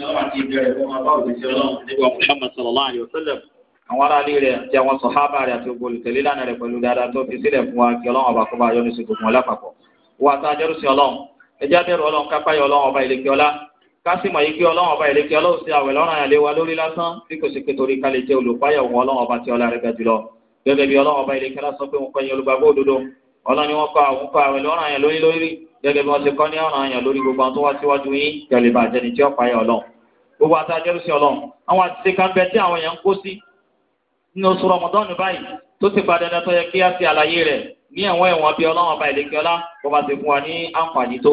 ọlọ́run àti ìbẹ̀rẹ̀ fún ọba òṣìṣẹ́ ọlọ́run nígbà Muhammad sallallahu alayhi wa àwọn aráàlú rẹ̀ àti àwọn sọ̀hábà rẹ̀ àti olùtẹ̀lé lánàá rẹ̀ pẹ̀lú dáadáa tó fi sílẹ̀ fún wa ọlọ́run ọba kó bá yọ ní sí gbogbo ọlápapọ̀ wà á sáájọ́rù sí ọlọ́run ẹjá bẹ̀rù ọlọ́run kápá yọ ọlọ́run ọba ìlẹ́kẹ́ ọlá kásìmọ̀ yìí kí ọlọ́run ọba ìlẹ́kẹ́ ọlọ́run sí àwẹ̀ lọ́rùn àyàlẹ́ wa lórí lásán bí kò gẹ́gẹ́ bí wọ́n ti kọ́ ní ọ̀ràn àyàn lórí gbogbo àwọn tó wá síwájú yín gẹ̀lẹ́ bá jẹni tí ọ̀pá yà ọlọ́run gbogbo àti àjẹrìsí ọlọ́run àwọn àtìsí kan bẹ tí àwọn èèyàn ń kó sí nínú oṣù rọmọdọ́ọ̀nù báyìí tó ti padà dandan yẹ kí á fi àlàyé rẹ̀ ní ẹ̀wọ̀n ẹ̀wọ̀n bíi ọlọ́run ọba ìlẹ́kẹ́ ọlá kó bá ti fún wa ní àǹfààní tó.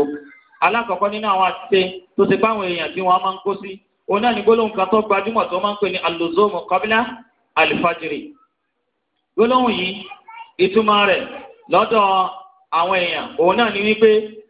alákọ̀ọ́kọ́ nínú àwọn àtìsí tó ti báwọn èèyàn tí wọ́n máa ń kó sí òun náà ní gbólóhùn kan tó gbajúmọ̀ tó máa ń pè ní alùzóòmù kọ́bílá àlùfájìrì gbólóhùn yìí ìtumọ̀ rẹ̀ lọ́dọ̀ àwọn èèyàn òun náà ní wípé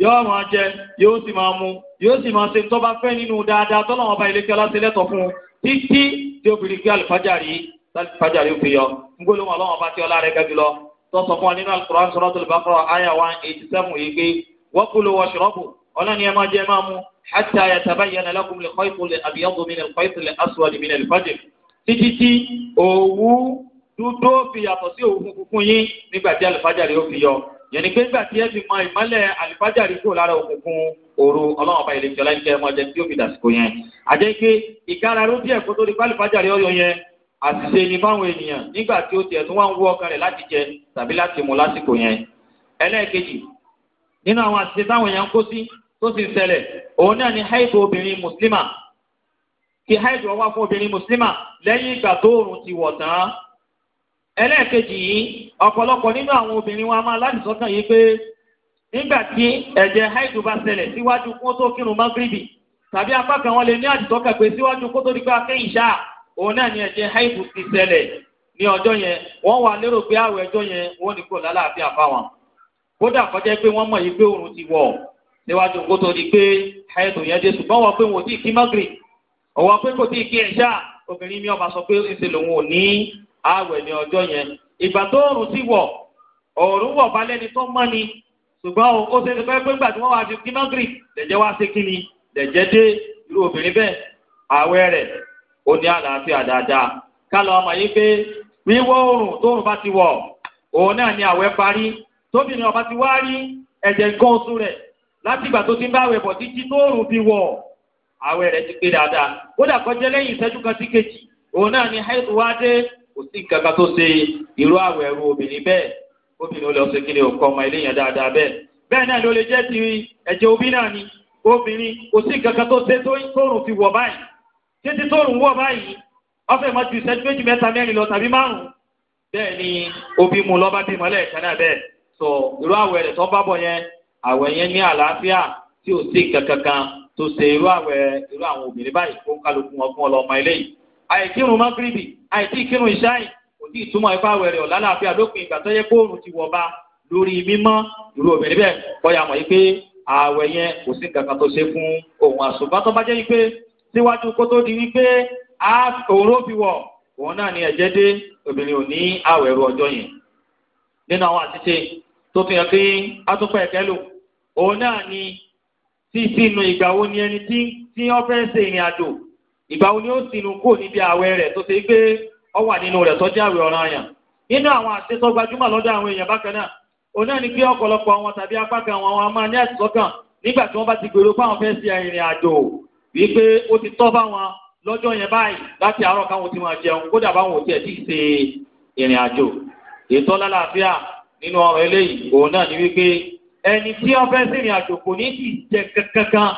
yóò máa jẹ yóò sì máa mu yóò sì máa ṣe tó bá fẹ́ nínú dáadáa tọ́lọ́wọ́n bá ilé kíọ́lá ṣe lẹ́tọ̀ fún un títí tí obìnrin kí alifájàrí alifájàrí fi yọ ngólóhùn ọlọ́wọ́n bá ti ọlá rẹ̀ gẹ́gẹ́ lọ tọ́sọ̀ fún wa nínú alukur'an suratul baqara àyà one eighty seven yìí pé wakulu washrabu ọlọ́ni ẹ máa jẹ máa mu hatta yatabayyana lakum al yẹn ni pé nígbà tí ẹ fi mọ ìmọ́lẹ̀ àlùfájàrí kò lára òkùnkùn òru ọlọ́run ọba ìlẹ̀kẹ́ ọláńkẹ́ ọmọ ẹ̀jẹ̀ tí ó fi dàsìkò yẹn àjẹ́ pé ìgáraró díẹ̀ kó tó di pé àlùfájàrí ọyọ yẹn àṣìṣe ni fáwọn ènìyàn nígbà tí ó tiẹ̀ tún wá ń wú ọkàn rẹ̀ láti jẹ tàbí láti mu lásìkò yẹn ẹlẹ́ẹ̀kejì nínú àwọn àṣìṣe táwọn èèyàn ń kó sí tó sì ń ṣẹlẹ̀ òun náà ẹlẹ́ẹ̀kejì yìí ọ̀pọ̀lọpọ̀ nínú àwọn obìnrin wa máa láti sọ́kàn yìí pé nígbà tí ẹ̀jẹ̀ haidu bá ṣẹlẹ̀ síwájú kó tó kírun magribi tàbí apá kan wọn lè ní àdìsọ́kàn pé síwájú kó tó di pé akéyìn ṣá òun ni ẹ̀jẹ̀ haidu ti ṣẹlẹ̀ ní ọjọ́ yẹn wọ́n wà lérò pé àwọ̀ ẹjọ́ yẹn wọ́n ní kò lálàáfíà kódà kọjá pé wọ́n mọ̀ yìí ti wọ̀ kó di pé haidu yẹn dé ṣùgbọ́n wọ́n pé wọn ò tí ì kí pé kò tí ì kí ẹ̀ṣá obìnrin mi ọba sọ pé àwẹ̀ ní ọjọ́ yẹn ìgbà tó òòrùn ti wọ̀ òòrùn wọ̀ balẹ̀ ni tó mọ́ ni ṣùgbọ́n ó ṣe ti pẹ́ pé ńgbà tí wọ́n wá fi kí mọ́gìrì lẹ̀jẹ̀ wá ṣe kí ni lẹ̀jẹ̀ dé irú obìnrin bẹ́ẹ̀ àwẹ̀ rẹ̀ ó ní àlàáfíà dáadáa kálọ̀ ọmọ yìí pé wíwọ̀ òòrùn tó òòrùn bá ti wọ̀ òun náà ni àwẹ̀ parí tóbìnrin ọba ti wá rí ẹ̀jẹ̀ nǹkan oṣù rẹ̀ láti ìgbà tó ti ń bá àwẹ̀ bọ̀ títí tó òòrùn fi wọ̀ àwẹ̀ rẹ̀ ti pé dáadáa kódà kọjá lẹ́yìn ìṣẹ́jú kan sí kejì òun náà ni haidu wá dé kò sí kankan tó ṣe irú àwẹ̀ ẹrú obìnrin bẹ́ẹ̀ obìnrin ó lọ ṣe kí ni òkọ ọmọ eléyàn dáadáa bẹ́ẹ̀ bẹ́ẹ̀ náà ló lè jẹ́ ti ẹ̀jẹ̀ obi náà ni obìnrin kò sí kankan tó ṣe tóorùn fi wọ̀ báyìí títí tóorùn wọ̀ báyìí ọ̀fẹ́ mọ́ ju ìṣẹ́jú méjì mẹ́ta mẹ́rin lọ tàbí márùn-ún bẹ́ẹ̀ ni obi mu lọ́ba bímọ lẹ́ẹ̀kan náà bẹ́ẹ̀ sọ irú àwẹ̀ rẹ̀ tó bá bọ̀ yẹn àwẹ̀ yẹn ní àlàáfíà tí ò sí kankan tó ṣe irú àwẹ̀ irú àwọn obìnrin báyìí kó kálukú wọn fún ọlọ́mọ eléyìí àìkírun mọ́gírìbì àìtí ìkírun ìṣáì kò tí ì túmọ̀ ipá wẹ̀rẹ̀ ọ̀la láàfin àdópin ìgbà tó yẹ kóòrùn ti wọ̀ bá lórí mímọ́ irú obìnrin bẹ́ẹ̀ kọ́ya mọ̀ yí pé ààwẹ̀ yẹn kò sí nǹkan kan tó ṣe fún òun àṣùgbọ́n tó bá jẹ́ wípé síwájú kó tó di wípé òun ló fi wọ̀ òun náà ni ẹ̀jẹ̀ dé obìnrin ò ní ààwẹ̀ ru ọjọ́ yẹn nínú àwọn àtìṣe tó fi hàn pé atúpọ̀ ẹ̀kẹ́ lò òun náà ni títí inú ìgbà ni ẹni tí wọ́n fẹ́ ṣe ìrìn àjò ìgbà wo ni ó sinú kó níbi ààwẹ̀ rẹ̀ tó ṣe pé ó wà nínú rẹ̀ tọ́jú ààwẹ̀ ọ̀ranyàn nínú àwọn àṣetọ gbajúmọ̀ lọ́dọ̀ àwọn èèyàn bákan náà òun náà ni pé ọ̀pọ̀lọpọ̀ àwọn tàbí apá kan àwọn àwọn máa ní àìsọkàn nígbà tí wọ́n bá ti gbèrò fáwọn fẹ́ẹ́ ṣe ìrìn àjò wípé ó ti tọ́ fáwọn lọ́jọ́ yẹn báyìí láti àárọ̀ káwọn ti máa jẹun kódà báwọn ò tiẹ̀ tí ṣe ìrìn àjò ètò lálàáfíà nínú ọ̀rọ̀ eléyìí òun náà ni wípé ẹni tí ó fẹ́ ṣèrìn àjò kò ní kì í jẹ kankan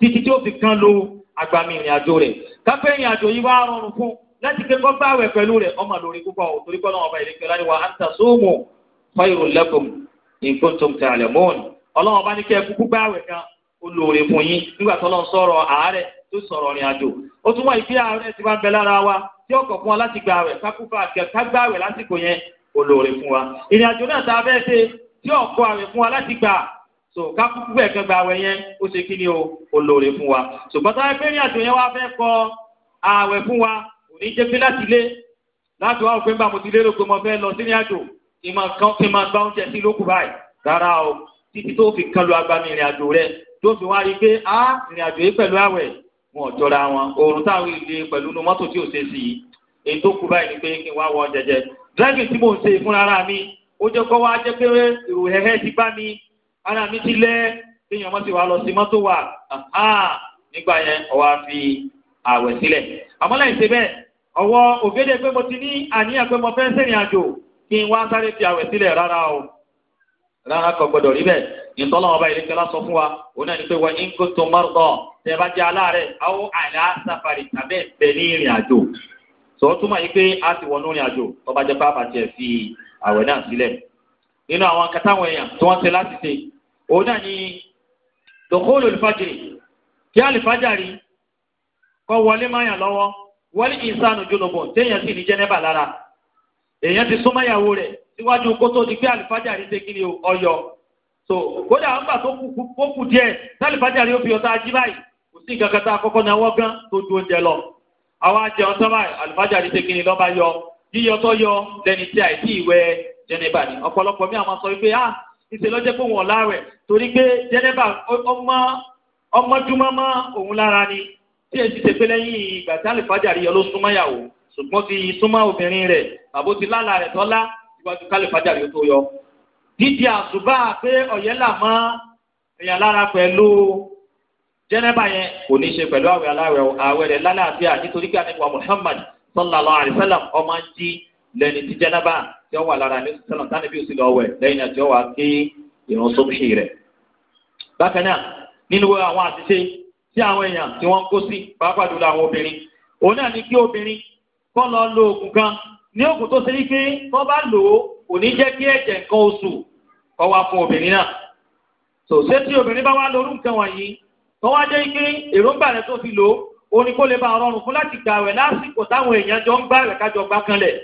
títí tí ó fi kan lo agbami ìrìn àjò rẹ̀ kápẹ́ ìrìn àjò yìí wá rọrùn fún láti ké kọ́ gbàwẹ̀ pẹ̀lú rẹ̀ ọmọ lórí púpọ̀ torí kọ́ náà ọba ìrìnkè láti wà áńtà sóòmù fáyọrò lẹ́kùn in kuntum ta'lamun ọlọ́wọ́n bá ní kẹ́ kúkú gbàwẹ̀ kan ó lóore fún yín nígbà tó lọ́n sọ̀rọ̀ àárẹ̀ tó sọ̀rọ̀ ìrìn ó tún wá ìpí so kákúkú ẹ̀kan gba àwẹ̀ yẹn ó ṣe kí ni o olóore fún wa ṣùgbọ́n táwọn ẹgbẹ́ ìrìn àjò yẹn wá fẹ́ kọ àwẹ̀ fún wa kò ní jẹ́ pé láti lé láti wá òpin bá mo ti lérò pé mo fẹ́ lọ sí ìrìn àjò kí n máa gbá oúnjẹ sí lókù báyìí rárá o títí tó fi kan lu agbami ìrìn àjò rẹ tó fi wá rí i pé a ìrìn àjò yìí pẹ̀lú àwẹ̀ wọn ò jọra wọn oòrùn táwọn ìdè pẹ̀lú inú mọ́tò tí ò ṣe sí i èyí tó kù báyìí ni pé kí n wá wọ jẹjẹ ara mi ti lẹ́ téèyàn wa lọ sí wa nígbà yẹn fi àwẹ̀ sílẹ̀ láì ṣe bẹ́ẹ̀ ọwọ́ mo ti ní àníyàn pé mo fẹ sẹ́rìn àjò kí n wá fi àwẹ̀ sílẹ̀ rárá o rárá kò gbọdọ rí bẹ́ẹ̀ ìtọ́lọ́ ọba ìlẹ́kẹ́ lásọ fún wa òun náà ní pé wọ́n ń kó tó bá aláàárẹ̀ safari tàbí ní ìrìn àjò sọ túmọ̀ a ti wọnú ìrìn àjò bá pé fi àwẹ̀ náà sílẹ̀ nínú àwọn katáwọn èèyàn tí wọ́n ṣe láti ṣe òun náà ni dòkóòlù olùfàjìrì kí àlùfàjàrì kọ́ wọlé máyà lọ́wọ́ wọlé ìsánù jùlọ̀bọ̀ téèyàn sì ní jẹ́nẹ́bà lára èèyàn ti súnmọ́yàwó rẹ̀ síwájú kó di pé àlùfàjàrì ṣe kí ni ọyọ so kódà àwọn gbà tó kù díẹ̀ tálùfàjàrì ó fi ọ̀tá ají báyìí kò sí nǹkan kan tá a kọ́kọ́ náwó gán tó ju oúnjẹ lọ àwa jẹun sábà àlùfàjàrì ṣe kí ni lọ́ba yọ yíyọ tó yọ lẹ́ni tí jẹnẹba ni ọ̀pọ̀lọpọ̀ mi àwọn sọ wípé a ah, ìṣe lọ́jẹ́ pé òun ọ̀la rẹ̀ torí pé jẹnẹba ọmọ ọmọdúnmọ́ mọ́ òun lára ni tí èyí ti tẹ̀pẹ́ lẹ́yìn ìgbà tí àlùfáàjà rí yọ ló súnmọ́ yàwó ṣùgbọ́n ti súnmọ́ obìnrin rẹ̀ àbó ti lálà rẹ̀ tọ́lá ìwájú kálífàjà rí tó yọ. dídí àṣùbà pé ọ̀yẹ́ là mọ́ èèyàn lára pẹ̀lú jẹnẹba yẹn kò ní ṣe pẹ̀lú àwẹ̀ aláwẹ̀ àwẹ̀ rẹ̀ lálàáfíà nítorí pé àníwá Muhammad sallallahu alayhi wa sallam ọmọ ń jí lẹ́ni tí jẹnẹba tí ó wà lára ní sọlọ tani bí o sì lọ wẹ̀ lẹ́yìn náà tí ó wà kí ìrun sóbì rẹ̀. bákan náà nínú àwọn àṣìṣe tí àwọn èèyàn tí wọ́n kó sí pàápàá jùlọ àwọn obìnrin òun náà ni kí obìnrin kọ́ lọ lo oògùn kan ní oògùn tó ṣe wípé tó bá lò ó kò ní jẹ́ kí ẹ̀jẹ̀ nǹkan oṣù kọ́ wá fún obìnrin náà. tòṣe tí obìnrin bá wá lórí nǹkan wọ̀nyí tó wá jẹ́ wípé èròǹgbà rẹ̀ tó fi lò ó orin lè bá rọrùn fún láti gbààwẹ̀ lásìkò táwọn èèyàn jọ ń gbààwẹ̀ kájọ gbá kanlẹ̀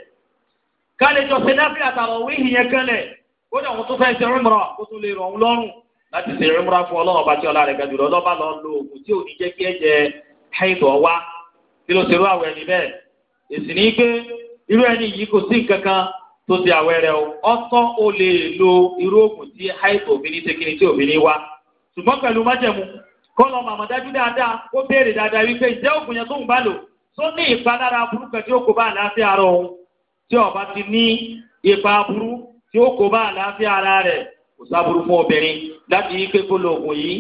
kálí jọ ṣe náà fi àtàwọn wíhì yẹn kẹlẹ̀ kódà wọn tún fẹ́ ṣe umra kó tún lè rọ̀ ọ́n lọ́rùn láti ṣe umra fún ọlọrun ọba tí ọlá rẹ̀ gajù lọ lọ lo oògùn tí ò ní jẹ́ kí ẹ̀jẹ̀ ṣàìtọ̀ wá tí ló ní èsì ní pé irú ẹni yìí kò ti o ọ̀tọ̀ o lè lo irú oògùn tí ṣàìtọ̀ òfin ní tekini tí ní wá tí ọba ti ní ipa burú tí ó kó bá àlàáfíà ara rẹ̀ kò sáburú fún obìnrin láti yí pé kó lo oògùn yìí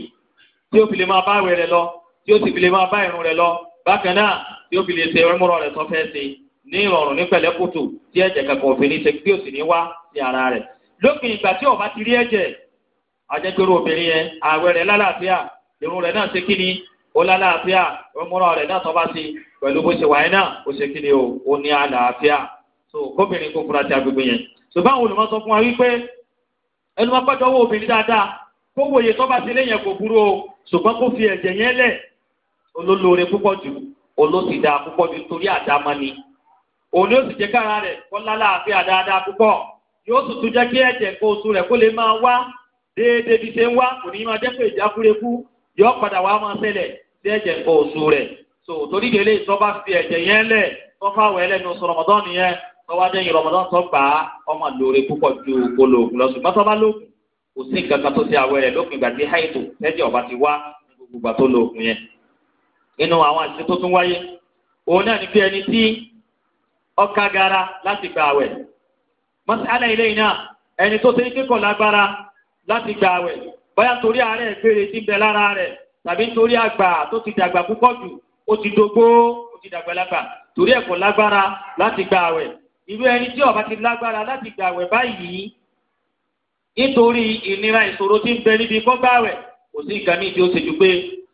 tí ó fi lè máa bá àwẹ̀ rẹ̀ lọ tí ó sì fi lè máa bá ìrun rẹ̀ lọ bákan náà tí ó fi lè ṣe ìrúmọ̀rọ̀ rẹ̀ tó fẹ́ ṣe ní ìrọ̀rùn ní pẹ̀lẹ́kùtù tí ẹ̀jẹ̀ kankan obìnrin ṣe bí ó sì ní wá sí ara rẹ̀ lópin ìgbà tí ọba ti rí ẹ̀jẹ̀ ajẹ́gbẹ́rú obìnrin yẹn àwẹ̀ rẹ̀ lálàáfíà ìrun rẹ̀ náà ṣe kí ni ó lálàáfíà ìrúmọ̀rọ̀ rẹ̀ náà tó bá ṣe pẹ̀lú bó ṣe wáyé náà ó ṣe kí ni o ó ní àlàáfíà so gómìnà kò fura ti agbègbè yẹn ṣùgbọ́n àwọn olùmọ̀sọ fún wa wípé ẹnu máa gbọ́dọ̀ owó obìnrin dáadáa kó wòye tọ́ba sí lẹ́yìn kò burú o ṣùgbọ́n kó fi ẹ̀jẹ̀ yẹn lẹ̀ olólóore púpọ̀ jù olóṣìdá púpọ̀ jù torí àdámọ́ ni òun yóò sì jẹ́ kára rẹ̀ kó lálàáfíà dáadáa púpọ̀ yóò sì tún jẹ́ kí ẹ̀jẹ̀ kó oṣù rẹ̀ kó lè máa wá déédéé bí ṣe ń wá kò ní máa jẹ́ ìjákúrekú yóò padà wá máa ṣẹlẹ̀ sí ẹ̀jẹ̀ kó oṣù rẹ̀ so torí délé ìtọ́ bá fi ẹ̀jẹ̀ yẹn lẹ̀ tọ́fà wẹ̀ lẹ́nu sọ̀rọ̀mọ́tọ́ nìyẹn tọ́wádé yìí rọmọdán tó gbà á ọmọ lóore púpọ̀ ju olóògùn lọ ṣùgbọ́n tó bá lóògùn kò sí nǹkan kan tó ti àwẹ̀ rẹ̀ lópin ìgbà tí ti wá gbogbo ìgbà tó lóògùn yẹn. nínú àwọn àṣìṣe tó tún wáyé òun náà ni pé ẹni tí ọkà gara láti gba àwẹ̀ ẹni tó kíkọ̀ lágbára láti àwẹ̀ torí àárẹ̀ gbére ti irú ẹni tí ọba ti lágbára láti gbàwẹ̀ báyìí nítorí ìnira ìṣòro tí ń bẹ níbi kọ́gbàwẹ̀ kò sí nǹkan míì tí ó ṣèjú pé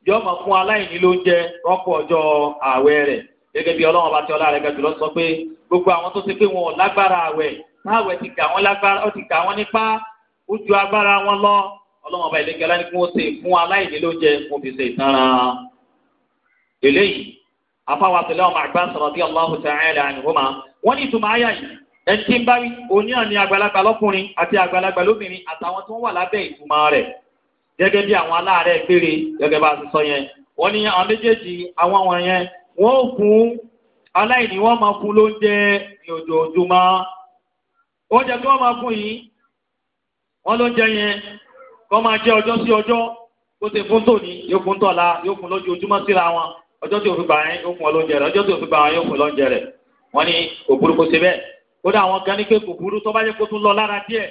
yọ ọmọ fún aláìní ló ń jẹ rọ́pò ọjọ́ ààwẹ̀ rẹ̀ gẹ́gẹ́ bí ọlọ́run ọba tí ọlá rẹ̀ ga jùlọ sọ pé gbogbo àwọn tó ṣe pé wọn ò lágbára ààwẹ̀ táwẹ̀ ti gà wọ́n lágbára ó ti gà wọ́n nípa ó ju agbára wọn lọ ọlọ́run ọba ìlẹ́gẹ́ lá kí wọ́n ṣe fún aláìní ló ń jẹ fún fi ìtanra eléyìí afáwàtúlẹ̀ ọmọ àgbà sọ̀rọ̀ bí ọlọ́run ti wọ́n ní ìtumọ̀ àyà yìí ẹni tí ń bá wí òní àní àgbàlagbà lọ́kùnrin àti àgbàlagbà lóbìnrin àtàwọn tó ń wà lábẹ́ ìtumọ̀ rẹ̀ gẹ́gẹ́ bí àwọn aláàárẹ̀ gbére gẹ́gẹ́ bá a ti sọ yẹn wọ́n ní àwọn méjèèjì àwọn wọn yẹn wọ́n ò fún aláìní wọ́n máa fún lóúnjẹ ní ojoojúmọ́ oúnjẹ tí wọ́n máa fún yìí wọ́n lóúnjẹ yẹn kọ́ máa jẹ ọjọ́ sí ọjọ́ ó ti fún tòní yóò fún tọ̀la yóò fún lójoojúmọ́ síra wọn ọjọ́ tí ó fi yẹn yóò fún ọ lóúnjẹ rẹ̀ ọjọ́ tí ó fi yẹn yóò fún lóúnjẹ rẹ̀ wọ́n ní kò burú kó ṣe bẹ́ẹ̀ kódà àwọn kan ní pé kò burú tó yẹ kó tún lọ lára díẹ̀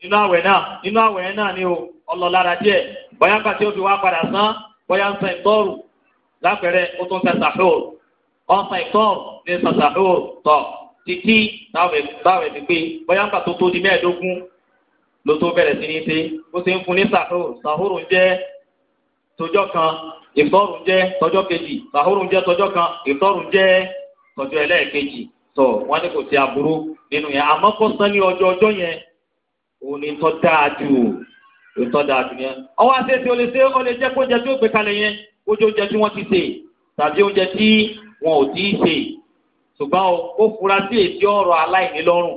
nínú àwẹ̀ náà nínú àwẹ̀ náà ni o ọlọ lára díẹ̀ bóyá ń pàṣẹ òbí wa padà sán bóyá ń san ìtọ́rù lápẹ̀rẹ̀ ó tún san sàfẹ́òrù ó ń san ìtọ́rù ní san sàfẹ́òrù tọ̀ títí báwẹ̀ ti pé bóyá ń pàṣẹ tó di mẹ́ẹ̀ẹ́dógún ló tó bẹ̀rẹ̀ sí ní ṣe ó ti ń fún ní sàfẹ́òrù sàfẹ́òrù ń jẹ́ tọjọ́ kan ìtọ́rù ń jẹ́ tọjọ́ kejì sàfẹ́òrù ń jẹ́ tọjọ́ kan ìtọ́rù ń jẹ́ tọjọ́ ẹlẹ́ẹ̀kejì tọ̀ wọ́n ní kò sí aburú nínú yẹn àmọ́ kó san ní ọjọ́ ọjọ́ yẹn òun ni tọ́ dáa jù òun tọ́ dáa jù yẹn. ọwọ́ àti ètò olè ṣe ó lè jẹ́ kó jẹ tí ó gbé kalẹ̀ yẹn kó jẹ oúnjẹ tí wọ́n ti sè tàbí oúnjẹ tí wọn ò tí ì sè ṣùgbọ́n ó fura sí èsì ọ̀rọ̀ aláìní lọ́rùn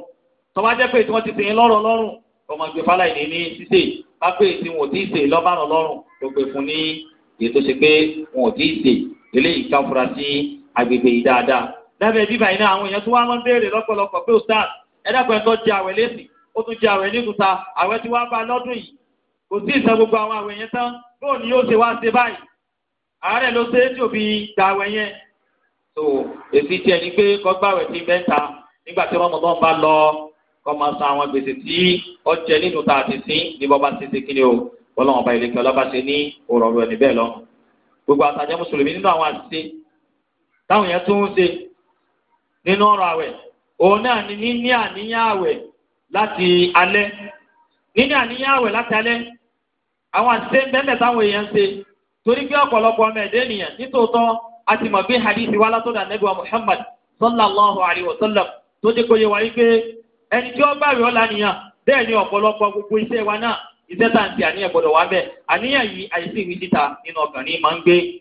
tọ́ba jẹ́ pé tí wọ́n ti sè é lọ́rọ̀ lọ́rùn ọmọ ìgbé fáláìní ní sísè bá pé tí wọn ò tí ì sè lọ́bàrán lọ́rùn ló pè fún ní èyí ṣe pé wọn ò tí ì sè eléyìí ká fura sí agbègbè yìí dáadáa lábẹ́ bíbá iná àwọn èèyàn tó wá máa ń béèrè lọ́pọ̀lọpọ̀ pé ustaz ẹ̀dàpọ̀ ẹ̀tọ́ jẹ àwẹ̀ lẹ́sìn ó tún jẹ àwẹ̀ nígùta àwẹ̀ tí wàá bá lọ́dún yìí kò sí ìsan gbogbo àwọn àwẹ̀ yẹn tán bóò ni yóò ṣe wá ṣe báyìí àárẹ̀ ló ṣe é tí òbí gba àwẹ̀ yẹn. tó èsì tiẹ̀ ni pé kọ́gbàwẹ̀ ti mẹ́ta nígbà tí ọmọ náà bá lọ kọ́ máa san àwọn gbèsè tí ọjẹ́ nínú ta àti sí ní bọ́ bá ṣe ṣe kíni o bọ́lọ́mọ ọba ìlẹ̀kẹ́ ọlọ́ba ṣe ní òrọ̀rù ẹni bẹ́ẹ̀ lọ. gbogbo àtàjẹ́ mùsùlùmí nínú àwọn àṣìṣe táwọn yẹn tún ń ṣe nínú ọ̀rọ̀ àwẹ̀ òun náà ni níní àníyàn awẹ láti alẹ́ níní àníyàn àwẹ̀ láti alẹ́ àwọn àṣìṣe bẹ́ẹ̀ táwọn èèyàn ń ṣe torí pé ọ̀pọ̀lọpọ̀ ọmọ a ti mọ̀ bí hadith wa látọ̀dọ̀ ànábì wa Muhammad sallallahu alayhi wa sallam tó dé kó wáyé pé ẹni tí ó bá rí ọ̀la ni gbogbo wa náà àníyàn wá àníyàn yìí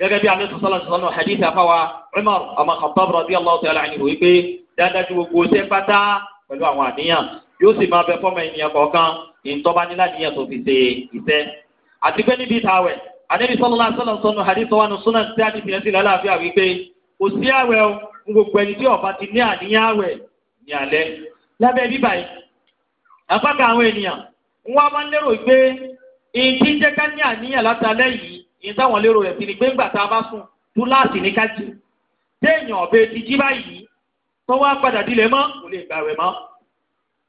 gẹgẹ bí alẹ́ sọ́sọ́lá sọ́sọ́ náà hadith afáwa Umar ọmọ Khattab radiyallahu ta'ala anhu wípé dáadáa ju gbogbo ṣẹ́ pátá pẹ̀lú àwọn àníyàn yóò sì máa bẹ fọ́mọ ènìyàn kọ̀ọ̀kan ìtọ́ba nílá tó fi ṣe iṣẹ́. àti pé níbi ìtawẹ̀ hadith wa lálàáfíà kò sí àwẹ̀ gbogbo ẹni tí ọba ti ní yìí táwọn lérò rẹ̀ sí ni gbẹ́ngbà tá a bá sùn tú láàsì ní kájí téèyàn ọ̀bẹ ti jí báyìí tó wá padà dilẹ̀ mọ́ kò lè gbàwẹ̀ mọ́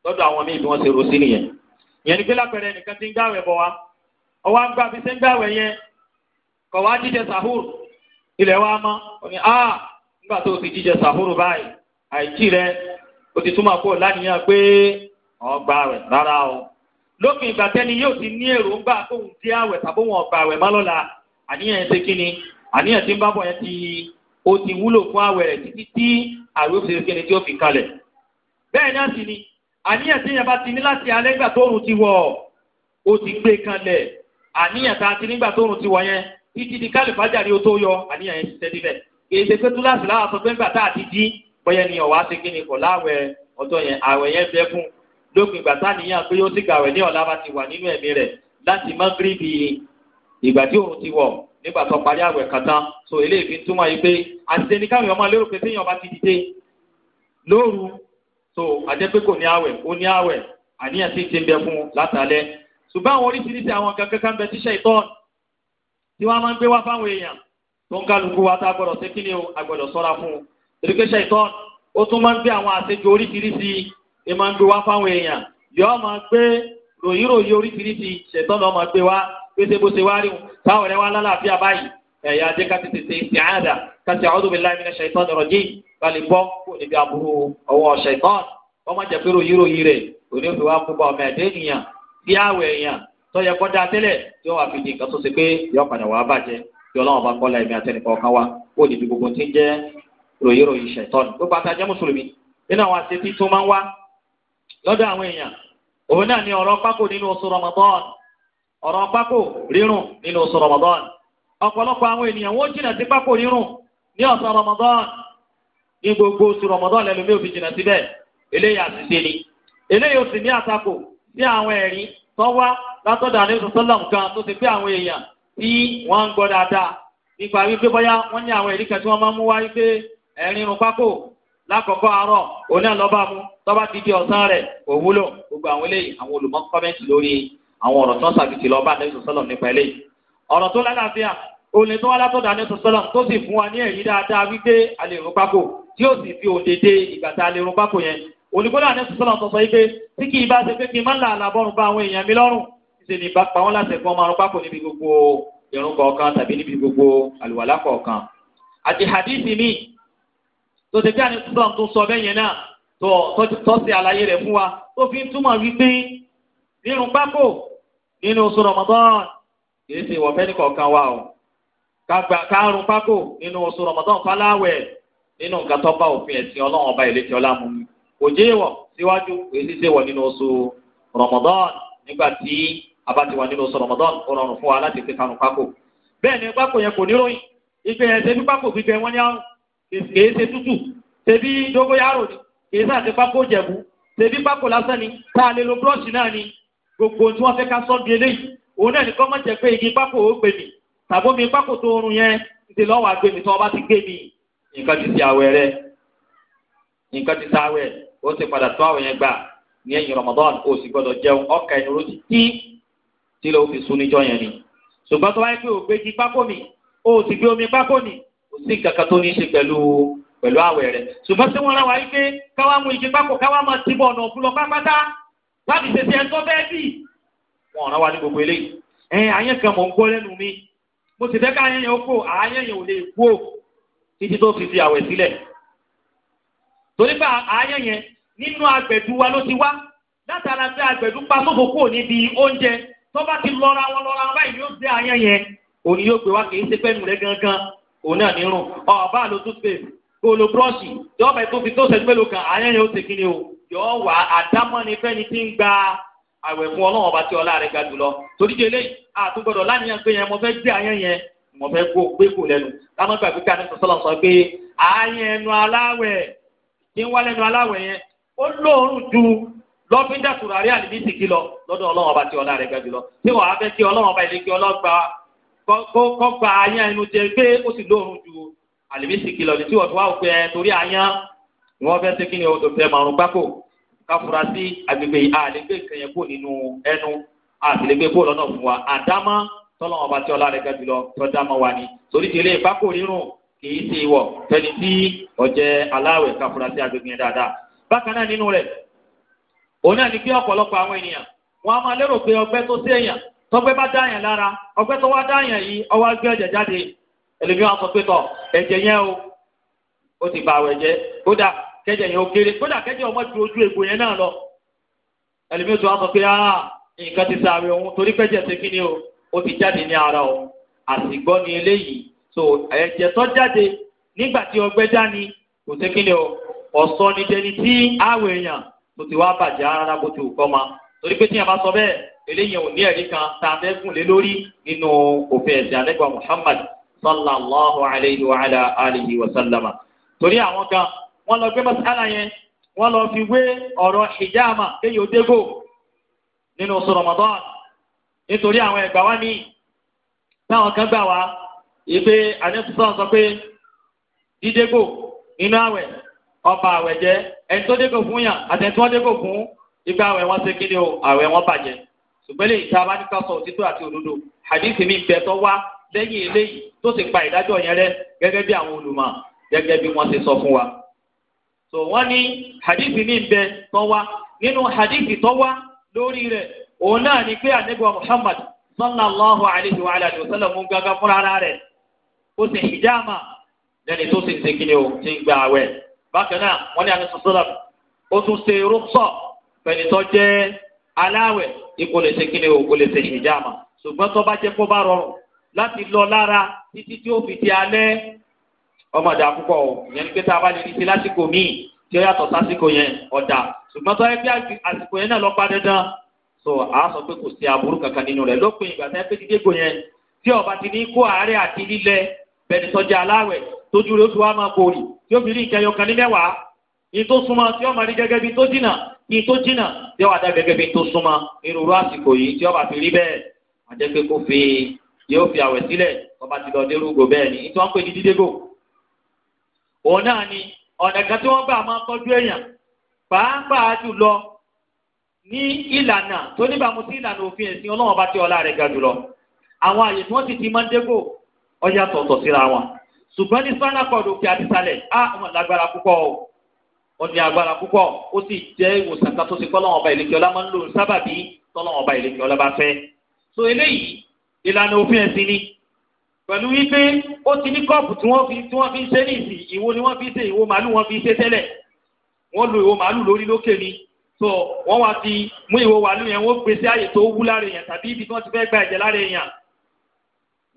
lọ́dọ̀ àwọn míì bí wọ́n ṣe rò sí nìyẹn ìyẹn ni pé lápẹ̀rẹ̀ nìkan ti ń gbàwẹ̀ bọ̀ wá ọwọ́ àgbà fi ṣe ń gbàwẹ̀ yẹn kọ̀ wá jíjẹ sàhúr ilẹ̀ wa mọ́ ọ ní a nígbà tó ti jíjẹ sàhúr báyìí àìjí rẹ o ti túmọ̀ kó láníyàn pé ọgbà rẹ̀ rárá o lópin ìgbà tẹ́ni yóò ti ní èròǹgbà kóhun dí àwẹ̀ tàbí wọn ọgbà àwẹ̀ má lọ́la àníyàn yẹn ṣe kí ni àníyàn tí ń bá bọ̀ yẹn ti o ti wúlò fún àwẹ̀ rẹ̀ títí tí àwẹ̀ ó fi ṣe kí ni tí ó fi kalẹ̀ bẹ́ẹ̀ náà sì ni àníyàn tí yẹn bá ti ní láti alẹ́ gbà tóòrùn ti wọ̀ ó ti gbé kalẹ̀ àníyàn tá a ti nígbà tóòrùn ti wọ̀ yẹn títí di kálífàjà ni ó tó yọ àníyàn yẹn ti tẹ́ níbẹ̀ èdè pé túláàsì láwa sọ pé ńgbà tá a ti dí bọ́yẹ ni ọ̀wá ṣe kí ni kọ̀ láwẹ̀ ọjọ́ yẹn àwẹ̀ yẹn bẹ́ fún lópin ìgbà tá a níyàn pé yóò ti gàwẹ̀ ní ọ̀la bá ti wà nínú ẹ̀mí rẹ̀ láti mọ́gíríbì ìgbà tí òun ti wọ̀ nígbà tó parí àwẹ̀ kan so eléyìí fi túmọ̀ yìí pé àtẹni káwọn ọmọ lérò pé téèyàn bá ti dìde lóru so àjẹ́ pé kò ní àwẹ̀ ó ní àwẹ̀ àníyàn sì ti ń bẹ fún un látàlẹ́ ṣùgbọ́n àwọn oríṣiríṣi àwọn kankan kan bẹ tíṣẹ́ ìtọ́n tí wọ́n máa ń gbé wá fáwọn èèyàn tó ń kálukú wa tá a gbọ́dọ̀ ṣe kí ni o a gbọ́dọ̀ sọ́ra fún un education ìtọ́n ó tún máa ń gbé àwọn àṣejù oríṣiríṣi ẹ ń gbé wá fáwọn èèyàn yọ́ọ́ máa gbé ròyìnròyìn oríṣiríṣi ṣètọ́nà máa gbé wá pété bó ṣe wá taa wọn táwọn ọ̀rẹ́ wa lálàáfíà báyìí ẹ̀yà adé ká tètè ṣe ìsìnkádà ká ti a'udhu billahi minash shaitanir rajim balẹ̀ bọ́ kó níbi àbúrò ọwọ́ ṣẹ̀tọ́n ọmọ yìí rẹ̀ òní òfin wa gbogbo ọmọ ẹ̀dẹ́ ènìyàn bí àwẹ̀ èèyàn tó yẹ tẹ́lẹ̀ tí wọ́n fi di nǹkan tó ṣe pé yọ padà bàjẹ́ tí bá àtẹnìkọ́ kan ọ̀rọ̀ pákó rírùn nínú oṣù Ramadan ọ̀pọ̀lọpọ̀ àwọn ènìyàn wọ́n jìnnà sí pákó rírùn ní ọ̀sán Ramadan ní gbogbo oṣù Ramadan lẹ́lòmí òfin jìnnà síbẹ̀ eléyà àṣìṣe ni eléyà ò sì ní àtakò sí àwọn ẹ̀rí tọ́wá látọ̀dọ̀ kan tó ti pé àwọn èèyàn tí wọ́n ń gbọ́ dáadáa nípa wípé bóyá wọ́n ní àwọn ẹ̀rí tí wọ́n máa ń mú wá wípé ẹ̀rín irun pákó lákọ̀ọ́kọ́ àwọn ọ̀rọ̀ tí wọ́n sàbìtì lọ bá anẹ́sọ̀ sọ́lọ̀ nípa eléyìí ọ̀rọ̀ tó lálàáfíà olè tó wá látọ̀dọ̀ anẹ́sọ̀ sọ́lọ̀ tó sì fún wa ní ẹ̀rí dáadáa wípé a lè rún pákó tí ó sì fi òdèdè ìgbà tá a lè rún pákó yẹn olùgbọ́dọ̀ anẹ́sọ̀ sọ́lọ̀ sọ sọ wípé tí kì í bá ṣe pé kí n má là àlàbọ̀rùn bá àwọn èèyàn mi lọ́rùn ṣe ní bá pa wọ́n láti ẹ̀kọ́ máa rún pákó níbi gbogbo ìrun kọ̀ọ̀kan tàbí níbi gbogbo àlùwàlá kọ̀ọ̀kan àti hadithi mi tó ti bí anẹ́sọ̀ sọ́lọ̀ tó sọ bẹ́yẹn náà tó tó ṣe àlàyé rẹ̀ pákó nínú oṣù Ramadan kìí ṣe ìwọ̀fẹ́ ní kọ̀ọ̀kan wa o kárùn pákó nínú oṣù Ramadan fáláwẹ̀ nínú nǹkan tó bá òfin ẹ̀sìn ọlọ́run ọba ìlẹ́kẹ̀ ọlá mu kò jẹ́ ìwọ̀ síwájú nínú oṣù Ramadan nígbà tí nínú oṣù Ramadan ó rọrùn fún wa láti fi kárùn pákó bẹ́ẹ̀ ni pákó yẹn kò níròyìn ìgbẹ́ yẹn ṣe bí pákó gbogbo tí wọ́n fẹ́ ká sọ́ di eléyìí òun náà nìkan máa jẹ́ pé igi pákó ó gbé mi tàbómi pákó tó oorun yẹn ń ti lọ́wọ́ àgbé mi tí wọ́n bá ti gbé mi nǹkan ti ti àwẹ̀ rẹ nǹkan ti ta àwẹ̀ ó ti padà tó àwẹ̀ yẹn gbà ní ẹ̀yìn Ramadan ó sì gbọ́dọ̀ jẹun ọkà ẹni ro ti tí tí ló fi sun níjọ́ yẹn ni ṣùgbọ́n tó wáyé pé ò gbé igi pákó mi ó sì gbé omi pákó ni kò sí nǹkan kan tó ní í ṣe pẹ̀lú pẹ̀lú àwẹ̀ rẹ̀ ṣùgbọ́n tí wọ́n rán wa yí pé káwá mú igi pákó káwá máa tibọ̀ ọ̀nà òfurufú pápátá wá fi tètè ẹ̀ tó bẹ́ẹ̀ bì wọn ọ̀ràn wa ní gbogbo eléyìí ẹ̀yìn àyẹ̀ kan mò ń gbọ́ lẹ́nu mi mo sì fẹ́ ká ayẹyẹ oko ayẹyẹ ò lè kú o títí tó fi fi àwẹ̀ sílẹ̀ torí pé ayẹyẹ nínú agbẹ̀dù wa ló ti wá látara pé agbẹ̀dù pa sófo kúrò níbi oúnjẹ tó bá ti lọ́ra wọn lọ́ra wọn báyìí yóò gbé ayẹyẹ òní yóò gbé wá kì í ṣe pẹ́ẹ́nù rẹ̀ gangan òun náà nírun ọ̀ọ́bà ló tún pè kó lo búrọ́ọ̀ṣì yọ wà àdámọ́ni fẹ́ni tí ń gba àwẹ̀ fún ọlọ́run ọba tí ọlá rẹ̀ ga jùlọ torí di eléyìí àtúgbọ̀dọ̀ láníyàn pé yẹn mo fẹ́ gbé ayẹn yẹn mo fẹ́ gbó gbé kò lẹ́nu lámọ́ gbà pé káàdé sọ̀sọ́ lọ́sọ̀ pé ayẹn ẹnu aláwẹ̀ tí ń wá lẹ́nu aláwẹ̀ yẹn ó lóorùn ju lọ́fíń dàtúrà rí àlìmísì kí lọ lọ́dọ̀ ọlọ́run ọba tí ọlá rẹ̀ ga jùlọ tí wọ́n á fẹ́ kí ọlọ́run ọba ìlẹ́kẹ́ ọlọ́gba kọ́ gba ayẹn ẹnu jẹ pé ó sì lóorùn ju àlìmísì kí lọ ní tí wọ́n fi wá òpin ni wọ́n fẹ́ ṣe kí ni o tó fẹ́ márùn gbáko káfura sí agbègbè yìí àlégbè kẹyẹ kó nínú ẹnu àtìlégbè kó lọ́nà fún wa àdámá tọ́lọ́wọ́n ọba tí ọlá rẹ̀ ga jùlọ tọ́dámá wa ni torí tẹ̀lé gbáko rírun kì í ṣe ìwọ̀ tẹ́ni tí ọ̀jẹ̀ aláwẹ̀ káfura sí agbègbè yẹn dáadáa bákan náà nínú rẹ̀ òun náà ní kí ọ̀pọ̀lọpọ̀ àwọn ènìyàn wọn a máa lérò pé ọgbẹ́ tó sí èèyàn tọgbẹ́ bá dáàyàn lára ọgbẹ́ tó wá dáàyàn yìí ọwọ́ á gbé ọ̀jẹ̀ jáde ẹlòmíràn sọ pé tọ̀ ẹ̀jẹ̀ yẹn o ó ti bàwẹ̀ jẹ́ kódà kẹjẹ yẹn ó kéré kódà kẹjẹ ọmọ ju ojú egbò yẹn náà lọ ẹlòmíì tó wá sọ pé ah nǹkan ti sàárẹ̀ òun torí kẹjẹ ṣe kí ni o ó ti jáde ní ara òun àsìgbọ́ ni eléyìí so ẹ̀jẹ̀ tó jáde nígbà tí ọgbẹ́ dání kò ṣe kí ni o ọ̀sọ́ ni dẹni tí àwọ̀ èèyàn tó ti wá bàjẹ́ ara bó ti wù kọ́ ma torí pé tí a bá sọ bẹ́ẹ̀ eléyìí ò ní ẹ̀rí kan tá a fẹ́ gùn lé lórí nínú òfin ẹ̀sìn àlẹ́gbà Muhammad sallallahu alayhi wa ala alihi wa sallama torí àwọn kan wọ́n lọ gbé mọ́sálà yẹn wọ́n lọ fi wé ọ̀rọ̀ hijama kéye odégò nínú oṣù Ramadan nítorí àwọn ẹ̀gbà wá ní táwọn kan gbà wá ìpè anẹ́tùsọ̀ sọ pé dídégò nínú àwẹ̀ ọba àwẹ̀ jẹ́ ẹni tó dégò fún yàn àtẹni tó dégò fún ìgbà àwẹ̀ wọn ṣe ni o àwẹ̀ wọn bàjẹ́ ṣùgbọ́n lè ta bá ní ká sọ òtítọ́ àti òdodo hadith mi bẹ̀ tọ́ wá lẹ́yìn eléyìí tó sì pa ìdájọ́ yẹn rẹ gẹ́gẹ́ bí àwọn olùmọ̀ gẹ́gẹ́ bí wọ́n ṣe sọ fún wa. so wọ́n ní hadithi mi bẹ tọ́wá nínú hadithi tọ́wá lórí òun náà ni pé anagba muhammad sallallahu alayhi wa alayhi wa sallam ń gangan fúnra ara ó sì hijama lẹ́ni tó sì ń o ti ń gba àwẹ̀ bákan náà wọ́n ní anagba sallam ó tún ṣe rúkṣọ fẹ̀nitọ́ lè o le lè hijama ṣùgbọ́n tó bá kó lọ lára títí tí ó ọmọdé àkúkọ o ìyẹn ni pé tá a bá lè ní sí lásìkò míì tí ó yàtọ̀ sásìkò yẹn ọ̀dà ṣùgbọ́n tó yẹ bí àsìkò yẹn náà lọ pa dandan so a sọ pé kò sí aburú kankan nínú rẹ̀ lópin ìgbà tẹ́ pé dídégò yẹn tí ọba ti ní kó àárẹ̀ àti lílẹ̀ bẹ̀rẹ̀ sọjà aláwẹ̀ tójú rẹ̀ ó fi wá máa borí tí ó fi rí ìkẹyọ kan ní mẹ́wàá ní tó súnmọ́ tí ó máa rí gẹ́gẹ́ bí tó jìnnà ní tó jìnnà tí ó wà dá gẹ́gẹ́ bí tó súnmọ́ nínú irú àsìkò yìí tí ọba fi rí bẹ́ẹ̀ àjẹpẹ́ kó fi yóò fi àwẹ̀ sílẹ̀ ọba ti lọ dérúgbò bẹ́ẹ̀ ni ìtọ́ ń ní dídégò òun náà ni ọ̀nà kan tí wọ́n gbà máa tọ́jú èèyàn pàápàá jùlọ ní ìlànà tó níbàámu sí ìlànà òfin ẹ̀sìn ọlọ́wọ́n bá ti ọlá rẹ̀ ga jùlọ àwọn àyè tí wọ́n sì ti máa ń dégò ọjà tọ̀tọ̀ síra wọn ṣùgbọ́n ní spinal cord òkè àti ìsàlẹ̀ á wọn lágbára púpọ̀ o wọn ní agbára púpọ̀ ó sì jẹ́ ìwòsàn kan tó ti kọ́ lọ́wọ́n ọba ìlẹ́kẹ́ ọlá máa ń lò sábàbí tọ́lọ́wọ́n ọba ìlẹ́kẹ́ ọlá bá fẹ́ so eléyìí ìlànà òfin ẹ̀sìn ni pẹ̀lú wípé ó ti ní kọ́ọ̀pù tí wọ́n fi tí wọ́n fi ń ṣe ní ìsìn ìwo ni wọ́n fi ṣe ìwo màálù wọ́n fi ṣe tẹ́lẹ̀ wọ́n lo ìwo màálù lórí lókè ni so wọ́n wá ti mú ìwo màálù yẹn wọ́n gbé sí àyè tó wú lára èèyàn tàbí ibi tí wọ́n ti fẹ́ gba ẹ̀jẹ̀ lára èèyàn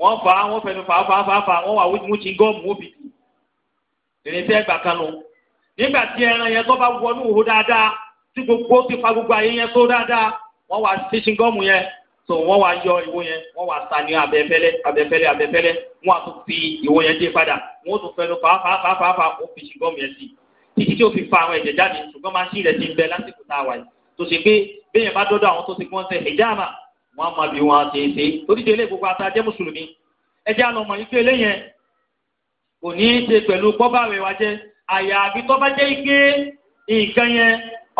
wọ́n fà á wọ́n fẹnu fà á fà á fà á fà á wọ́n wà mú ti gọ́ọ̀mù òbí ìrìnsẹ̀ ẹgbà kan lọ nígbà tí ẹran yẹn tó bá wọnú òhò dáadáa tí gbogbo ti fa gbogbo àyè yẹn tó dáadáa wọ́n wà ṣíṣin gọ́ọ̀mù yẹn so wọ́n wá yọ ìwo yẹn wọ́n wá sa ní abẹ́fẹ́lẹ́ abẹ́fẹ́lẹ́ abẹ́fẹ́lẹ́ wọ́n á tún fi ìwo yẹn dé padà wọ́n tún fẹnu fàáfàáfàáfà ó fi ṣùgbọ́n yẹn sí títí tí ó fi fa àwọn ẹ̀jẹ̀ jáde ṣùgbọ́n máa ń ṣí rẹ̀ ti ń bẹ lásìkò tá a wà yìí tó ṣe pé béèyàn bá dọ́dọ̀ àwọn tó ti pọ́n sẹ́ ẹ̀já àmà wọ́n á máa bí wọn ṣe é ṣe torí délé gbogbo ata jẹ́ mùsùlùmí ẹjẹ́ àlọ́mọ yìí pé eléyẹn kò ní í ṣe pẹ̀lú bọ́bàwẹ̀ wa jẹ́ àyàfi tó bá jẹ́ ike nǹkan yẹn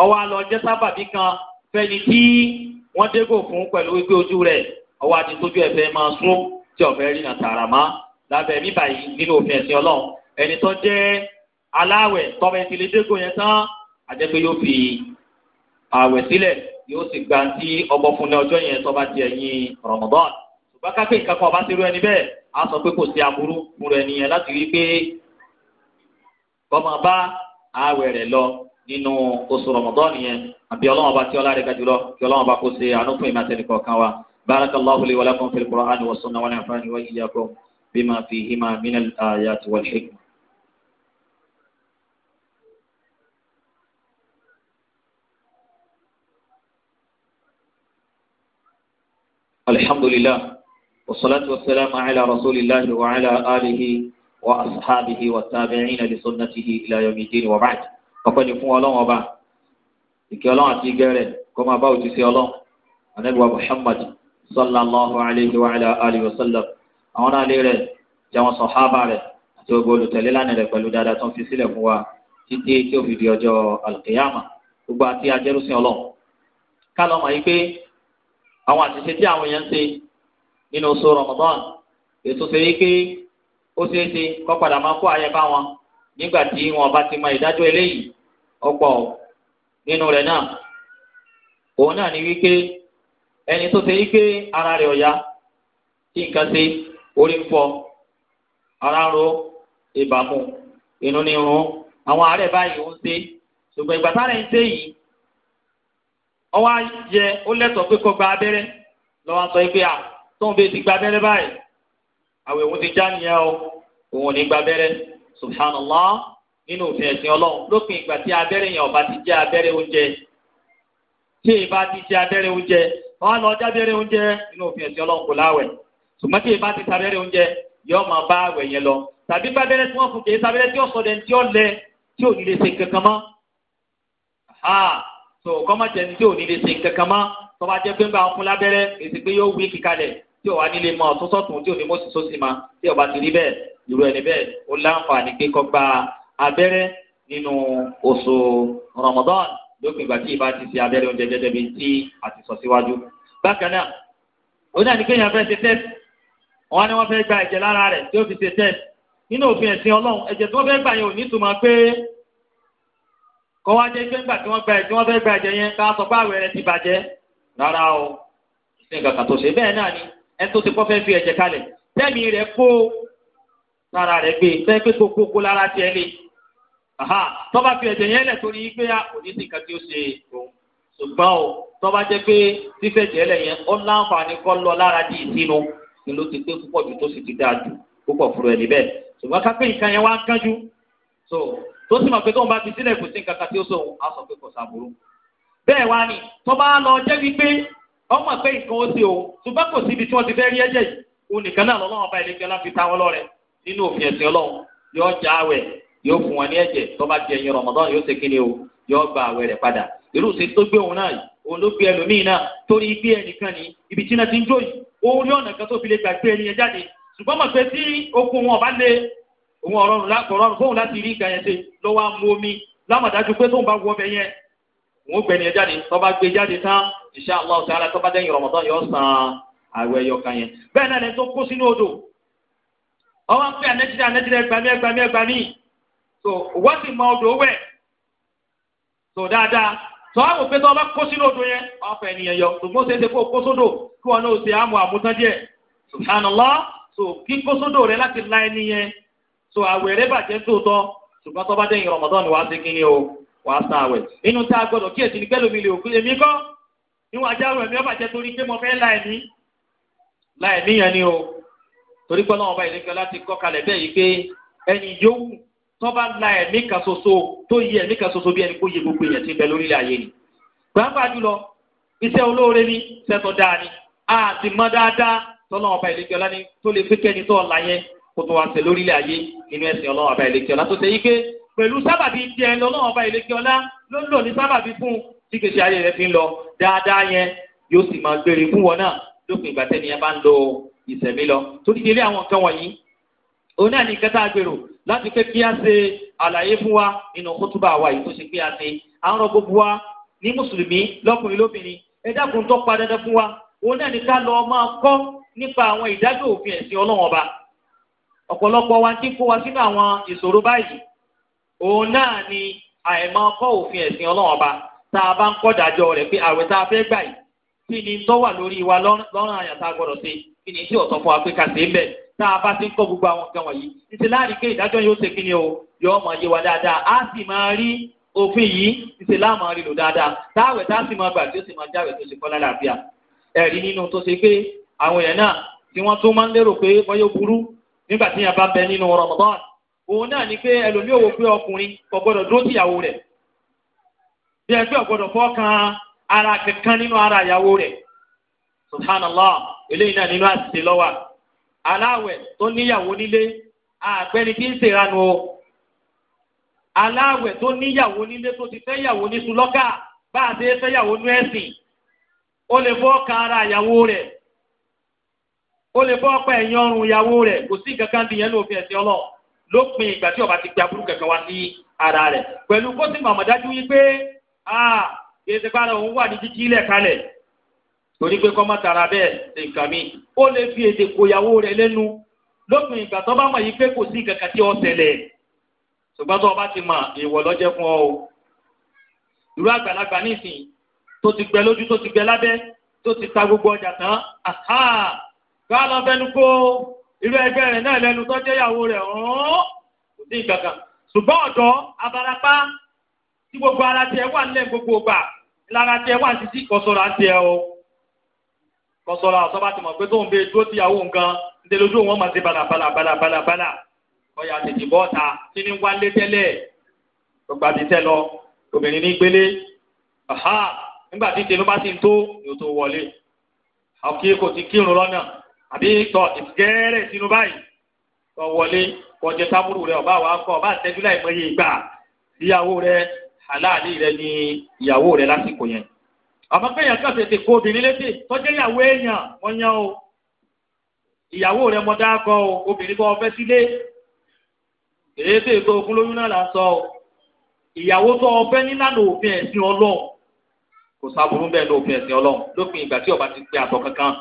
ọwọ́ àlọ́ jẹ́ sábàbí kan fẹ́ni tí wọ́n dégò fún pẹ̀lú wípé ojú rẹ̀ ọwọ́ àti tójú ẹ̀fẹ́ máa sún tí ọ̀fẹ́ rí náà tààrà má lábẹ́ mi báyìí nínú òfin ẹ̀sìn ọlọ́run ẹni tó jẹ́ aláwẹ̀ tọ́mẹ ti lè dégò yẹn tán àjẹpẹ́ yóò fi àwẹ̀ sílẹ̀ yóò sì gba ti ọgbọ́ fún ní ọjọ́ yẹn tó bá ti ẹ̀yìn Ramadan ṣùgbọ́n kápẹ́ ìkàkọ́ ọba ti rú ẹni bẹ́ẹ̀ á sọ pé kò sí aburú fún rẹ nìyẹn láti rí pé kọ́mọ bá àwẹ̀ rẹ̀ lọ nínú oṣù Ramadan yẹn àbí ọlọ́wọ́n bá tí ọlá rẹ̀ gàdúrọ̀ kí ọlọ́wọ́n bá kó ṣe àánú fún ìmọ̀tẹ́ni kọ̀ọ̀kan wa barakallahu li wa lakum fil qur'ani wa sunnah wa nafa'ani wa iyyakum bima fihima min al-ayati wal hikma. الحمد لله والصلاة والسلام على رسول الله وعلى آله وأصحابه والتابعين لسنته إلى يوم الدين وبعد فقد يكون الله ìkẹ́ ọlọ́run àti ìgẹ́rẹ̀ kó máa bá òjíṣẹ́ ọlọ́run anẹ́gbà muhammad sallallahu alayhi wa alayhi wa sallam àwọn náà lé rẹ̀ jẹ́ wọn sàhábà rẹ̀ àti gbogbo olùtẹ̀lé lánàá rẹ̀ pẹ̀lú dáadáa tó ń fi sílẹ̀ fún wa títí tí ó fi di ọjọ́ alkiyama gbogbo àti ajẹ́rúsìn ọlọ́run ká lọ́mọ yìí pé àwọn àṣìṣe tí àwọn èèyàn ń ṣe nínú oṣù ramadan ètò ṣe wípé ó ṣeé ṣe kọ́ padà máa kó àyè bá wọn nígbà tí wọn bá ti mọ ìdájọ́ eléyìí ọ̀pọ̀ nínú rẹ̀ náà òun náà ni wípé ẹni tó ṣe ara re oya, tí nǹkan ṣe orí ń ara ń ro ìbàmù inú ní irun àwọn àárẹ̀ báyìí ó ń ṣe ṣùgbọ́n ìgbà tára ń ṣe yìí yẹ ó pé kó gba sọ pé à tóun bẹ ti gba abẹ́rẹ́ báyìí àwọn èèwọ̀n ti já nìyẹn o òun ò ní gba subhanallah nínú òfin ẹ̀sìn ọlọ́run lópin ìgbà tí abẹ́rẹ́ yẹn ọba ti jẹ́ abẹ́rẹ́ oúnjẹ tí ìbá ti jẹ́ abẹ́rẹ́ oúnjẹ wọn lọ jábẹ́rẹ́ oúnjẹ nínú òfin ẹ̀sìn ọlọ́run kò láwẹ̀ ṣùgbọ́n tí ìbá ti sábẹ́rẹ́ oúnjẹ yọ máa bá àwẹ̀ yẹn lọ tàbí bábẹ́rẹ́ tí wọ́n fún kìí sábẹ́rẹ́ tí ọ̀sọ̀ dẹ̀ tí ó lẹ tí ò ní lè ṣe kankan mọ́ so kọ́mọ̀jẹ̀ ni tí ò ní lè ṣe kankan mọ́ tó bá jẹ́ abẹ́rẹ́ nínú oṣù Ramadan lópin ìgbà tí ìbá ti ṣe abẹ́rẹ́ oúnjẹ jẹjẹ bíi tí a ti sọ síwájú. bákan náà òun náà ní fẹ́ ṣe test wọn ni wọ́n fẹ́ gba ẹ̀jẹ̀ lára rẹ̀ tí ó fi ṣe test nínú òfin ẹ̀sìn ọlọ́run ẹ̀jẹ̀ tí wọ́n fẹ́ gbà yẹn ò ní túmọ̀ pé kọ́ wá jẹ́ pé ńgbà tí wọ́n gba ẹ̀jẹ̀ wọ́n fẹ́ gba ẹ̀jẹ̀ yẹn ká sọ pé àwẹ̀ rẹ̀ ti bàjẹ́ rárá o ṣe nǹkan tó ṣe bẹ́ẹ̀ náà ni ẹni tó ti kọ́ fẹ́ fi ẹ̀jẹ̀ kalẹ̀ tẹ́mi rẹ̀ kó lára rẹ̀ gbé fẹ́ pé kókó kó lára tiẹ̀ lé tọ́ba fi ẹ̀jẹ̀ yẹn lẹ̀ torí pé òní sì nǹkan tí ó ṣe òun ṣùgbọ́n o tọ́ba jẹ́ pé fífẹ̀jẹ̀ lẹ̀ yẹn ó láǹfààní kọ́ lọ lára di ìsinú ni ló ti pé púpọ̀ ju tó sì ti dáa jù púpọ̀ fúru ẹ̀ níbẹ̀ ṣùgbọ́n kápẹ́ nǹkan yẹn wá ń kánjú so tó sì mọ̀ pé tóun bá fi sílẹ̀ kò sí nǹkan kan tí ó sòun á sọ pé kò sàbúrú bẹ́ẹ̀ wá ni tọ́ba lọ jẹ́ wípé ọmọ pé nǹkan ó ṣe òun ṣùgbọ́n kò síbi tí wọ́n ti fẹ́ rí ẹ̀jẹ̀ yìí yóò fún wọn ní ẹ̀jẹ̀ tó bá jẹ ẹyin Ramadan yóò ṣe kíni o yóò gba àwẹ̀ rẹ̀ padà irú ṣe tó gbé òun náà yìí òun ló gbé ẹlòmíì náà torí bí ẹnìkan ní ibi tí náà ti ń jó yìí òun ní ọ̀nà kan tó fi lè gbà gbé ẹni yẹn jáde ṣùgbọ́n mọ̀ pé tí okun wọn bá lé òun ọ̀rọ̀rùn lákọ̀ọ́rọ̀rùn fóun láti rí ìgbà yẹn ṣe lọ́wọ́ amú omi lámọ̀dájú pé tóun bá wọ ọbẹ̀ yẹn òun gbẹ ẹni yẹn jáde tó bá gbé e jáde tán insha Allah ta'ala tó bá dẹ́yìn Ramadan yóò san àwẹ̀ ẹ̀yọ̀ka yẹn bẹ́ẹ̀ náà lẹ́ni tó kó sínú odò ọwọ́ ń pè ànẹ́tìrẹ́ ànẹ́tìrẹ́ gbàmí ẹgbàmí ẹgbàmí so wọ́n sì mọ odò wẹ̀ so dáadáa sọ àwọn òfin tó wọn bá kó sínú odò yẹn ọ̀fẹ́ ènìyàn yọ ṣùgbọ́n ó ṣeé ṣe kó kó sódò kí wọn náà ṣe àmọ́ àmútán díẹ̀ lọ so kí kó sódò rẹ láti la ẹni yẹn so àwẹ̀ rẹ bàjẹ́ tóótọ́ ṣùgbọ́n tó bá dẹ̀yìn wàá ṣe o wàá sa àwẹ̀ inú tá a gbọdọ̀ pẹ́lú mi lè òkú tó bá la ẹ̀mí kan ṣoṣo tó yẹ ẹ̀mí kan ṣoṣo bí ẹni kó yẹ gbogbo èèyàn ti bẹ lórílẹ̀ ayé ni gbàgbà jùlọ iṣẹ́ olóore ni sẹ́tọ̀ dáa ni a ti mọ dáadáa tọ́lọ́wọ́n ọba ìlẹ́kẹ́ ọlá ni tó lè fi kẹ́ni tó ọ̀la yẹn kó tó wá ṣe lórílẹ̀ ayé nínú ẹ̀sìn ọlọ́wọ́n ọba ìlẹ́kẹ́ ọlá tó ṣe yí pé pẹ̀lú sábàbí tiẹ̀ lọ́lọ́wọ́n ọba ìlẹ́kẹ́ ọlá ló ń lò ní lo ìṣẹ̀mí lọ torí délé àwọn nǹkan láti pé kí a ṣe àlàyé fún wa nínú kótóbá wa yìí tó ṣe pé a ṣe à ń rọ gbogbo wa ní mùsùlùmí lọ́kùnrin lóbìnrin ẹ dákun tó pa dandan fún wa òun náà ní ká lọ máa kọ́ nípa àwọn ìdájọ́ òfin ẹ̀sìn ọlọ́wọ́n ọba ọ̀pọ̀lọpọ̀ wa ti kó wa sínú àwọn ìṣòro báyìí òun náà ni àìmọ̀ kọ́ òfin ẹ̀sìn ọlọ́wọ́n ọba tá a bá ń kọ́ dájọ́ rẹ̀ pé àwẹ̀ tá a fẹ́ gbà yìí kí ni tó wà lórí wa lọ́rùn àyàn tá a gbọ́dọ̀ ṣe kí ni tí ọ̀tọ̀ fún wa pé ká ṣe é bẹ́ẹ̀ tá a bá ti ń kọ́ gbogbo àwọn nǹkan wọ̀nyí títí láàrin pé ìdájọ́ yóò ṣe kíni o yóò mọ̀ yé wa dáadáa á sì máa rí òfin yìí títí láàmú rí lò dáadáa táwẹ̀ tá a sì máa gbà tí ó sì máa jáwẹ̀ tó ṣe kọ́lá làbíà ẹ̀rí nínú tó ṣe pé àwọn èèyàn náà tí wọ́n tún máa ń lérò pé bọ́yọ̀ burú nígbà tí yàn bẹ nínú Ramadan òun náà ni pé ẹlòmíì òwò pé ọkùnrin kò gbọdọ̀ dúró tìyàwó ara kankan nínú ara ìyàwó rẹ̀ subhanallah eléyìí náà aláwẹ̀ tó níyàwó nílé àgbẹni tí ń ṣèrànù o aláwẹ̀ tó níyàwó nílé tó ti fẹ́yàwó ní sulọ́kà bá a ṣe fẹ́yàwó ní ẹ̀sìn ó lè fọ́ ka ara ìyàwó rẹ̀ ó lè fọ́ pa ẹ̀yìn ọrùn ìyàwó rẹ̀ kò sí kankan dìyẹn lófin ẹ̀sìn ọlọ́ọ̀ lópin ìgbà tí ọba ti gba burú kẹkẹ wá sí ara rẹ̀ pẹ̀lú kó sì mọ̀mọ́dájú yìí pé a kì í ṣe pàrọ̀ òun wà ní kíkí ilẹ̀ kalẹ̀ torí pé kọ́ mọ́tara bẹ́ẹ̀ ṣe nǹkan mi ó lè fi èdè kòyàwó rẹ̀ lẹ́nu lópin ìgbà tó bá mọ̀ yìí pé kò sí kankan tí ó ṣẹlẹ̀ ṣùgbọ́n tó o bá ti mọ̀ èèwọ̀ lọ́jẹ́ fún ọ o irú àgbàlagbà nísìnyí tó ti gbẹ lójú tó ti gbẹ lábẹ́ tó ti ta gbogbo ọjà tán ká lọ fẹnu kó irú ẹgbẹ́ rẹ̀ náà lẹ́nu tó jẹ́ ìyàwó ọ̀hún kò sí kankan ṣùgbọ́n ọ̀dọ́ abarapá tí gbogbo ara tiẹ̀ wà nílẹ̀ gbogbo gbà lára tiẹ̀ wà títí kọ́sọ́ra tiẹ̀ o kọsọra ọsọba ti mọ̀ pé tóun bẹ dúró tíyàwó nǹkan ntẹ lójú wọn máa ṣe balabala balabala bala ọyà tètè bọ́ ta tí ní wálé tẹ́lẹ̀ gbogbo àtìtẹ́ lọ obìnrin ní gbélé aha nígbà tí tèmi bá ti ń tó yóò tó wọlé àkí kò ti kírun lọ́nà àbí tọ ìgẹ́rẹ́ sínú báyìí tọ wọlé kọjá tábúrú rẹ ọba àwọn akọ ọba àtẹ́jú láì mọ ìgbà ìyàwó rẹ aláàlí rẹ ní ìyàwó rẹ lásìkò yẹn àmọ́ kéèyàn kàn tètè kó obìnrin létí tọ́jú ìyàwó èèyàn wọ́n yan o ìyàwó rẹ mọ dáàkọ o obìnrin bọ́ ọfẹ́ sílé èyí tó ètò ogun lóyún náà là ń sọ o ìyàwó tó ọfẹ́ nílànà òfin ẹ̀sìn ọlọ́run kò sábòrú bẹ́ẹ̀ ní òfin ẹ̀sìn ọlọ́run lópin ìgbà tí ọba ti pe àtọ̀ kankan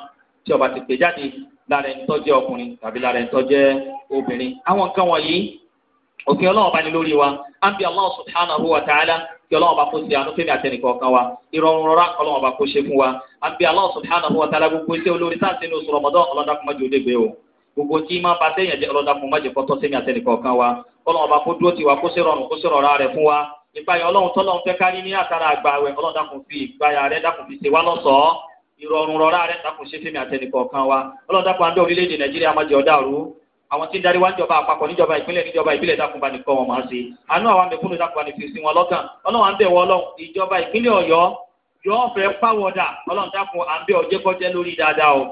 tí ọba ti pè jáde lára ẹni tó ọkùnrin tàbí lára ẹni tó obìnrin àwọn nǹkan wọ̀nyí òfin ọlọ́run bá ní lórí wa ábí Allah subhanahu wa ta'ala kí ọlọ́run bá kó ṣe àánú fẹ́mi àtẹnìkọ̀ kan wa ìrọ̀rùn rọra ọlọ́run bá kó ṣe fún wa ábí Allah subhanahu wa ta'ala gbogbo iṣẹ́ olórí sáǹsì ní oṣù Ramadan ọlọ́dà kò má jò dégbé o gbogbo tí máa bá sẹ́yìn ẹ̀jẹ̀ ọlọ́dà kò má jẹ́ kọ́tọ́ sẹ́mi àtẹnìkọ̀ kan wa ọlọ́run bá kó dúró tiwa kó ṣe rọrùn kó ṣe rọra rẹ̀ fún wa ìpayà ọlọ́run tọ́lọ́run fẹ́ kárí ní àtàrà àgbàwẹ̀ ọlọ́run dákun fi ìpayà rẹ̀ dákun fi ṣe wá lọ́sọ̀ọ́ ìrọ̀rùn rọra rẹ̀ dákun ṣe fẹ́mi àtẹnìkọ̀ kan wa ọlọ́run dákun orílẹ̀-èdè Nàìjíríà má jẹ́ ọ̀dà rú àwọn tí ń darí wá níjọba àpapọ̀ níjọba ìpínlẹ̀ níjọba ìbílẹ̀ dákúnba nìkan wọn máa ń ṣe àánú àwọn àmẹ́kúnnù dákúnba nìkan sí wọn lọ́kàn ọlọ́run à ń bẹ̀wọ̀ ọlọ́run ìjọba ìpínlẹ̀ ọ̀yọ́ yóò fẹ́ pàwọ̀dà ọlọ́run dákun à ń bẹ̀ ọ̀jẹ́ kọ́jẹ́ lórí dáadáa o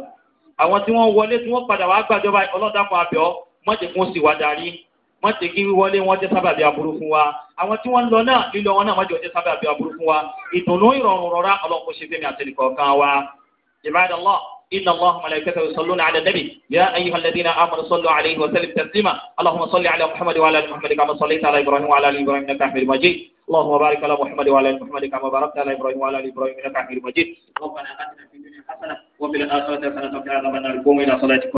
àwọn tí wọ́n wọlé tí wọ́n padà wàá gbàjọba ọlọ́run dákun àbẹ̀ ọ́ mọ̀jẹ̀ kún sí wa darí mọ̀jẹ̀ kí wíwọlé wọn jẹ́ sábàbí aburú fún wa àwọn tí wọ́n ń lọ náà lílọ wọn náà mọ̀jẹ̀ jẹ́ sábàbí aburú fún wa ìdùnnú ìrọ̀rùn rọra ọlọ́run kò ṣe fẹ́mi àtẹnìkọ̀ọ̀kan wa ìbáraẹ̀dọ́lọ́ọ̀ إن الله ملائكته يصلون على النبي يا أيها الذين آمنوا صلوا عليه وسلم تسليما اللهم صل على محمد وعلى آل محمد كما صليت على إبراهيم وعلى آل إبراهيم إنك حميد مجيد اللهم بارك على محمد وعلى آل محمد كما باركت على إبراهيم وعلى آل إبراهيم إنك حميد مجيد ربنا آتنا في الدنيا حسنة وفي الآخرة حسنة وقنا عذاب النار قوموا إلى صلاتكم